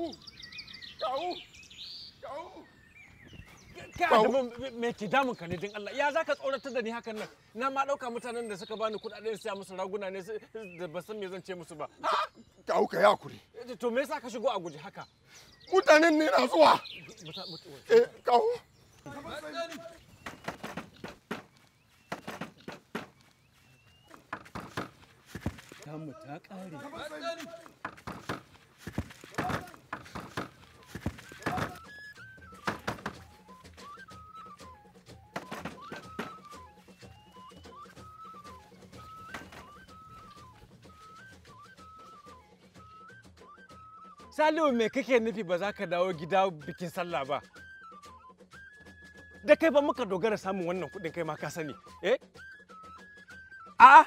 Cậu! Cậu! Cậu! kai da me ke damun ka ne din Allah ya zaka tsoratar da ni hakan nan na ma ɗauka mutanen da suka bani kuɗaɗen siya musu raguna ne da ba san me zan ce musu ba ka auka ya kuri eh, to me yasa ka shigo a guji haka mutanen ne na zuwa eh kawo ta mu ta Saliu me kake nufi ba za ka dawo gida bikin sallah ba? Da kai ba muka dogara samun wannan kudin kai ma ka sani, eh? A'a,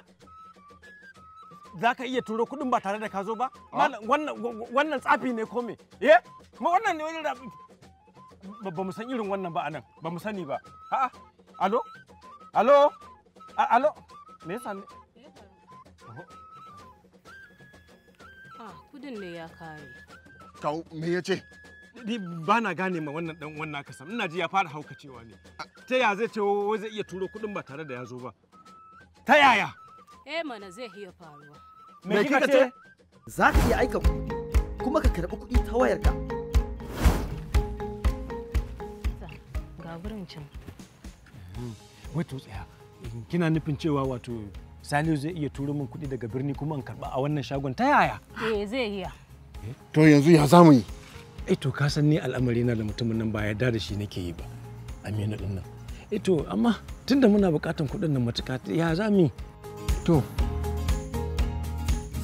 za ka iya turo kudin ba tare da ka zo ba? Wannan tsafi ne ko me? Eh? Ma wannan ne wani ba mu san irin wannan ba anan, ba mu sani ba. A'a, alo? Alo? Alo? Me yasa ne? Ah, kudin ne ya kare. Kawo me ya ce? Ni ba na gane ma wannan dan wannan kasam Ina ji ya fara haukacewa ne. Ta ya zai ce wai zai iya turo kudin ba tare da ya zo ba? Ta yaya? Eh mana zai iya faruwa. Me kika ce? Za ka iya aika kuma ka karɓi kuɗi ta wayarka. Ga wurin can. Wato tsaya. Kina nufin cewa wato Saliu zai iya turo min kuɗi daga birni kuma in karɓa a wannan shagon ta yaya? Eh zai iya. to yanzu ya za mu yi eh to ka san ni al'amari na da mutumin nan ba yarda da shi nake yi ba aminu din nan eh to amma tunda muna bukatan kuɗin nan matuka ya za mu to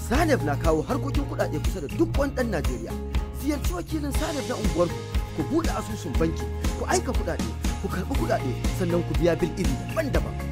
Zanef na kawo harkokin kuɗaɗe kusa da duk wani ɗan Najeriya. Ziyarci wakilin Zanef na unguwarku, ku buɗe asusun banki, ku aika kuɗaɗe, ku karɓi kuɗaɗe, sannan ku biya bil iri daban-daban.